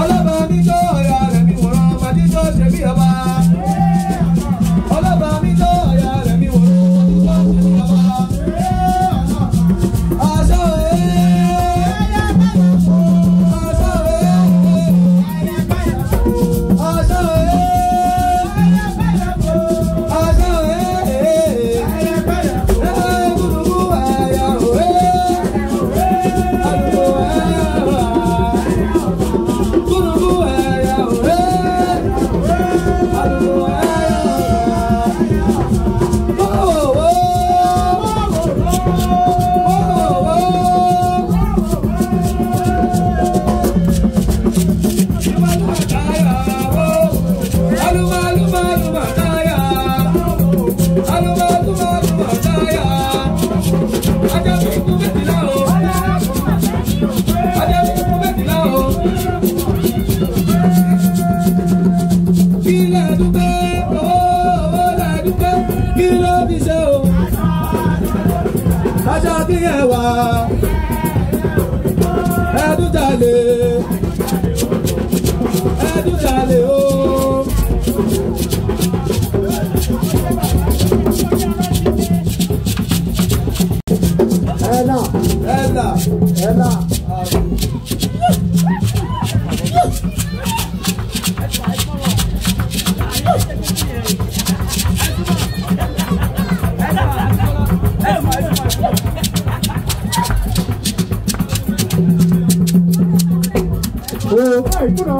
ọlọ́ba mi dúpẹ́ ó là dúpẹ́ kí ló fi ṣe o aṣọ kí ẹ wà ẹdún jalè ẹdún jalè o. Ella, Ella, Ella. Um. 오, 파이프라.